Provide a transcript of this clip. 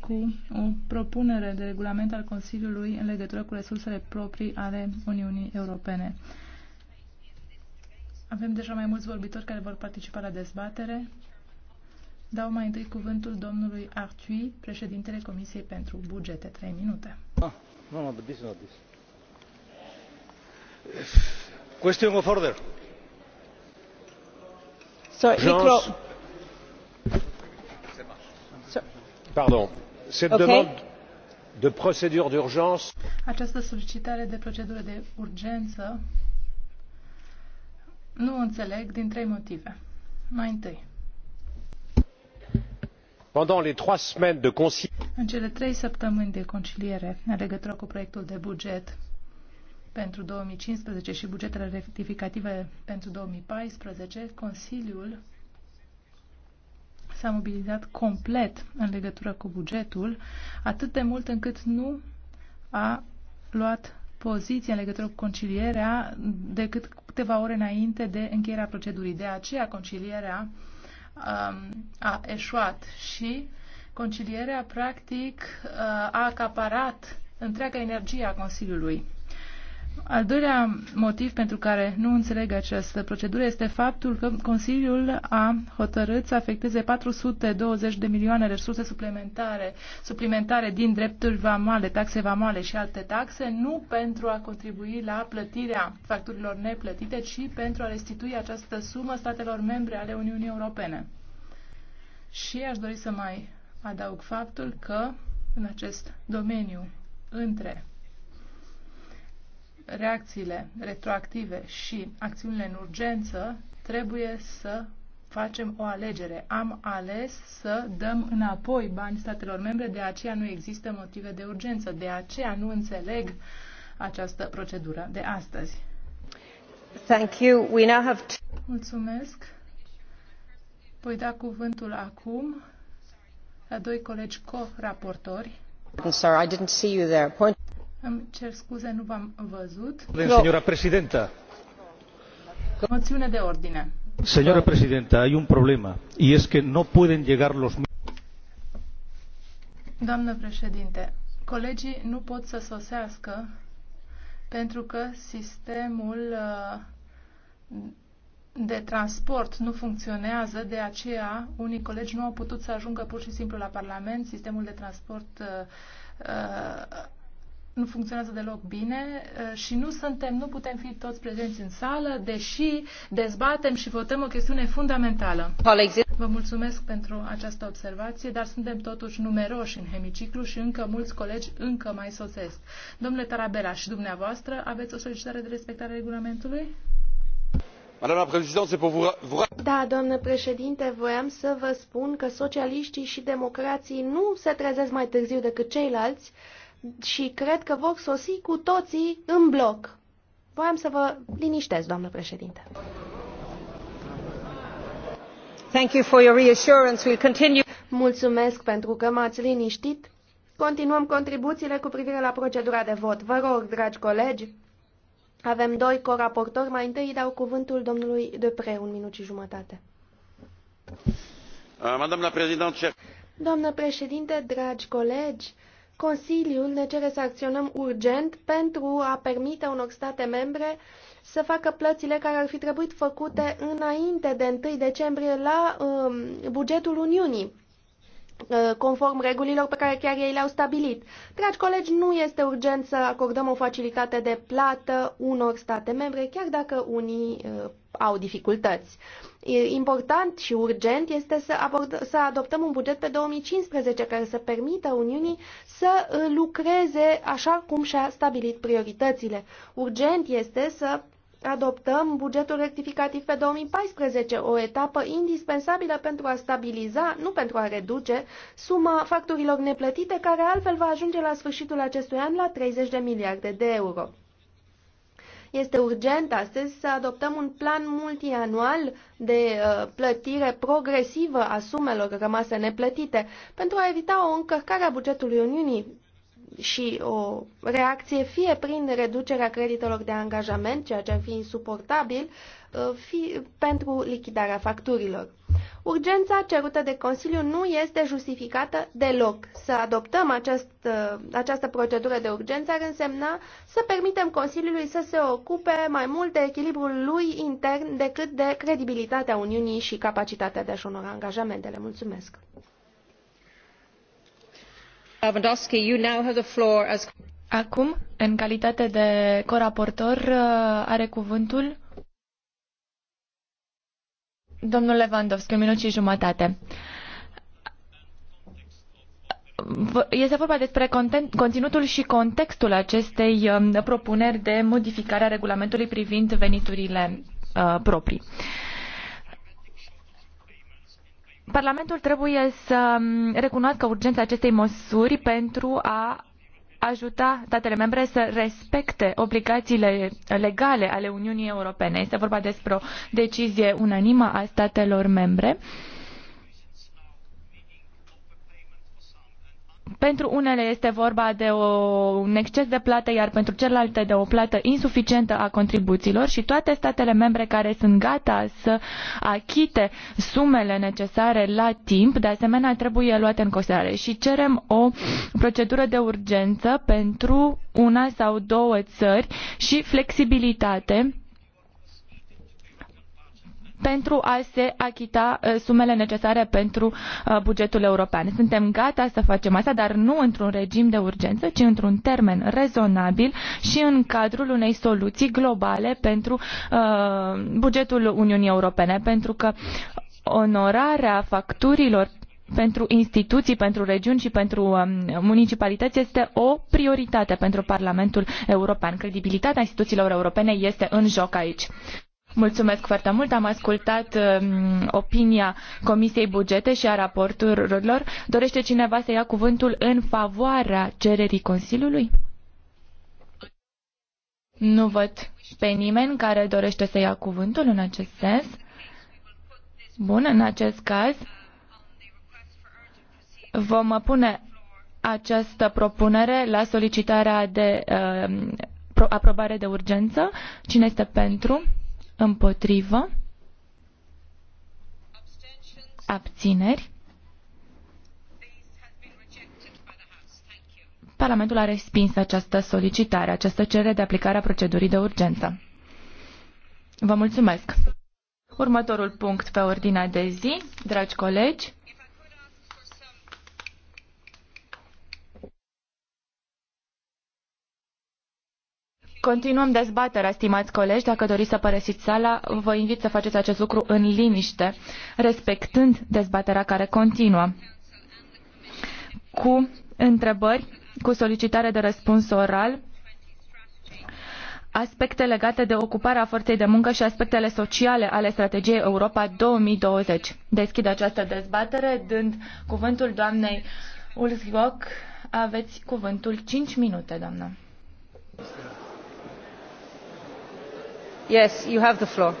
cu o propunere de regulament al Consiliului în legătură cu resursele proprii ale Uniunii Europene. Avem deja mai mulți vorbitori care vor participa la dezbatere. Dau mai întâi cuvântul domnului Arthui, președintele Comisiei pentru Bugete. Trei minute. Ah, nu, nu, this, not this. Question of order. Sorry, micro. Sorry această solicitare de procedură de urgență nu o înțeleg din trei motive. Mai întâi, în cele trei săptămâni de conciliere în legătură cu proiectul de buget pentru 2015 și bugetele rectificative pentru 2014, Consiliul s-a mobilizat complet în legătură cu bugetul, atât de mult încât nu a luat poziție în legătură cu concilierea decât câteva ore înainte de încheierea procedurii. De aceea concilierea um, a eșuat și concilierea practic uh, a acaparat întreaga energie a Consiliului. Al doilea motiv pentru care nu înțeleg această procedură este faptul că Consiliul a hotărât să afecteze 420 de milioane de resurse suplimentare, suplimentare din drepturi vamale, taxe vamale și alte taxe, nu pentru a contribui la plătirea facturilor neplătite, ci pentru a restitui această sumă statelor membre ale Uniunii Europene. Și aș dori să mai adaug faptul că în acest domeniu între reacțiile retroactive și acțiunile în urgență, trebuie să facem o alegere. Am ales să dăm înapoi bani statelor membre, de aceea nu există motive de urgență, de aceea nu înțeleg această procedură de astăzi. Thank you. We now have Mulțumesc. Voi da cuvântul acum la doi colegi co-raportori. Sorry, I didn't see you there. Point îmi cer scuze, nu v-am văzut. Señora presidenta. Moțiune de ordine. Señora presidenta, hay un problema y es que no pueden llegar los Doamnă președinte, colegii nu pot să sosească pentru că sistemul uh, de transport nu funcționează, de aceea unii colegi nu au putut să ajungă pur și simplu la Parlament. Sistemul de transport uh, uh, nu funcționează deloc bine uh, și nu suntem, nu putem fi toți prezenți în sală, deși dezbatem și votăm o chestiune fundamentală. Vă mulțumesc pentru această observație, dar suntem totuși numeroși în hemiciclu și încă mulți colegi încă mai sosesc. Domnule Tarabela și dumneavoastră, aveți o solicitare de respectare a regulamentului? Da, doamnă președinte, voiam să vă spun că socialiștii și democrații nu se trezesc mai târziu decât ceilalți, și cred că vor sosi cu toții în bloc. Voiam să vă liniștez, doamnă președinte. Thank you for your reassurance. We'll continue. Mulțumesc pentru că m-ați liniștit. Continuăm contribuțiile cu privire la procedura de vot. Vă rog, dragi colegi, avem doi coraportori. Mai întâi îi dau cuvântul domnului Depre, un minut și jumătate. Uh, Doamnă președinte, dragi colegi, Consiliul ne cere să acționăm urgent pentru a permite unor state membre să facă plățile care ar fi trebuit făcute înainte de 1 decembrie la um, bugetul Uniunii uh, conform regulilor pe care chiar ei le-au stabilit. Dragi colegi, nu este urgent să acordăm o facilitate de plată unor state membre, chiar dacă unii uh, au dificultăți important și urgent este să, abord, să adoptăm un buget pe 2015 care să permită Uniunii să uh, lucreze așa cum și-a stabilit prioritățile. Urgent este să adoptăm bugetul rectificativ pe 2014, o etapă indispensabilă pentru a stabiliza, nu pentru a reduce, suma facturilor neplătite care altfel va ajunge la sfârșitul acestui an la 30 de miliarde de euro. Este urgent astăzi să adoptăm un plan multianual de uh, plătire progresivă a sumelor rămase neplătite pentru a evita o încărcare a bugetului Uniunii și o reacție fie prin reducerea creditelor de angajament, ceea ce ar fi insuportabil, uh, fie pentru lichidarea facturilor. Urgența cerută de Consiliu nu este justificată deloc. Să adoptăm acest, uh, această procedură de urgență ar însemna să permitem Consiliului să se ocupe mai mult de echilibrul lui intern decât de credibilitatea Uniunii și capacitatea de a-și onora angajamentele. Mulțumesc! Acum, în calitate de coraportor, uh, are cuvântul Domnul Lewandowski, un minut și jumătate. Este vorba despre content, conținutul și contextul acestei um, propuneri de modificare a regulamentului privind veniturile uh, proprii. Parlamentul trebuie să um, recunoască urgența acestei măsuri pentru a ajuta statele membre să respecte obligațiile legale ale Uniunii Europene. Este vorba despre o decizie unanimă a statelor membre. Uh, pentru unele este vorba de o, un exces de plată, iar pentru celelalte de o plată insuficientă a contribuțiilor și toate statele membre care sunt gata să achite sumele necesare la timp, de asemenea trebuie luate în considerare și cerem o procedură de urgență pentru una sau două țări și flexibilitate pentru a se achita uh, sumele necesare pentru uh, bugetul european. Suntem gata să facem asta, dar nu într-un regim de urgență, ci într-un termen rezonabil și în cadrul unei soluții globale pentru uh, bugetul Uniunii Europene, pentru că onorarea facturilor pentru instituții, pentru regiuni și pentru um, municipalități este o prioritate pentru Parlamentul European. Credibilitatea instituțiilor europene este în joc aici. Mulțumesc foarte mult. Am ascultat um, opinia Comisiei Bugete și a raporturilor. Dorește cineva să ia cuvântul în favoarea cererii Consiliului? Nu văd pe nimeni care dorește să ia cuvântul în acest sens. Bun, în acest caz vom pune această propunere la solicitarea de uh, aprobare de urgență. Cine este pentru? Împotrivă. Abțineri. Parlamentul a respins această solicitare, această cerere de aplicare a procedurii de urgență. Vă mulțumesc. Următorul punct pe ordinea de zi, dragi colegi, Continuăm dezbaterea, stimați colegi. Dacă doriți să părăsiți sala, vă invit să faceți acest lucru în liniște, respectând dezbaterea care continuă. Cu întrebări, cu solicitare de răspuns oral, aspecte legate de ocuparea forței de muncă și aspectele sociale ale strategiei Europa 2020. Deschid această dezbatere dând cuvântul doamnei Ulzioc. Aveți cuvântul 5 minute, doamnă yes you have the floor.